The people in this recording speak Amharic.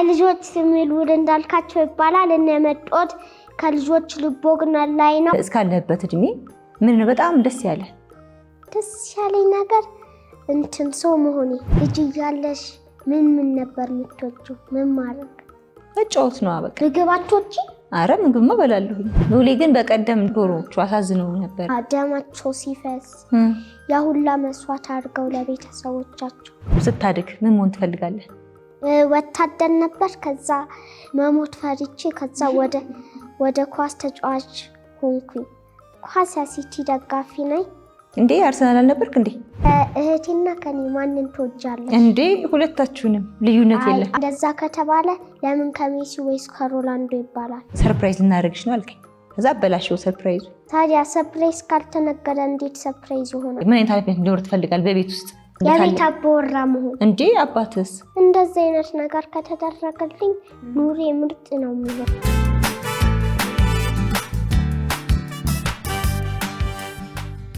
ከልጆች ስሚል ውል እንዳልካቸው ይባላል። እነ መጦት ከልጆች ልቦግና ላይ ነው። እስካለህበት እድሜ ምን ነው በጣም ደስ ያለ ደስ ያለኝ ነገር እንትን ሰው መሆኔ። ልጅ እያለሽ ምን ምን ነበር የምትወጪው? ምን ማድረግ? መጫወት ነው በቃ። ምግብ አትወጪ? አረ ማ በላለሁ። ሉሌ ግን በቀደም ዶሮዎቹ አሳዝነው ነበር። ደማቸው ሲፈስ ያሁላ መስዋዕት አድርገው ለቤተሰቦቻቸው። ስታድግ ምን መሆን ትፈልጋለህ? ወታደር ነበር። ከዛ መሞት ፈሪቼ ከዛ ወደ ኳስ ተጫዋች ሆንኩኝ። ኳስ ያሲቲ ደጋፊ ነኝ። እንዴ አርሰናል አልነበርክ እንዴ? እህቴና ከኔ ማንን ትወጃለሽ? እንዴ ሁለታችሁንም ልዩነት የለም። እንደዛ ከተባለ ለምን ከሜሲ ወይስ ከሮላንዶ ይባላል? ሰርፕራይዝ ልናደርግሽ ነው አልከኝ። ከዛ በላሽው ሰርፕራይዙ። ታዲያ ሰርፕራይዝ ካልተነገረ እንዴት ሰርፕራይዝ ይሆናል? ምን አይነት ኃላፊነት እንዲኖር ትፈልጋል በቤት ውስጥ የቤት አባወራ መሆን እንዴ? አባትስ እንደዚህ አይነት ነገር ከተደረገልኝ ኑሬ ምርጥ ነው የሚለው።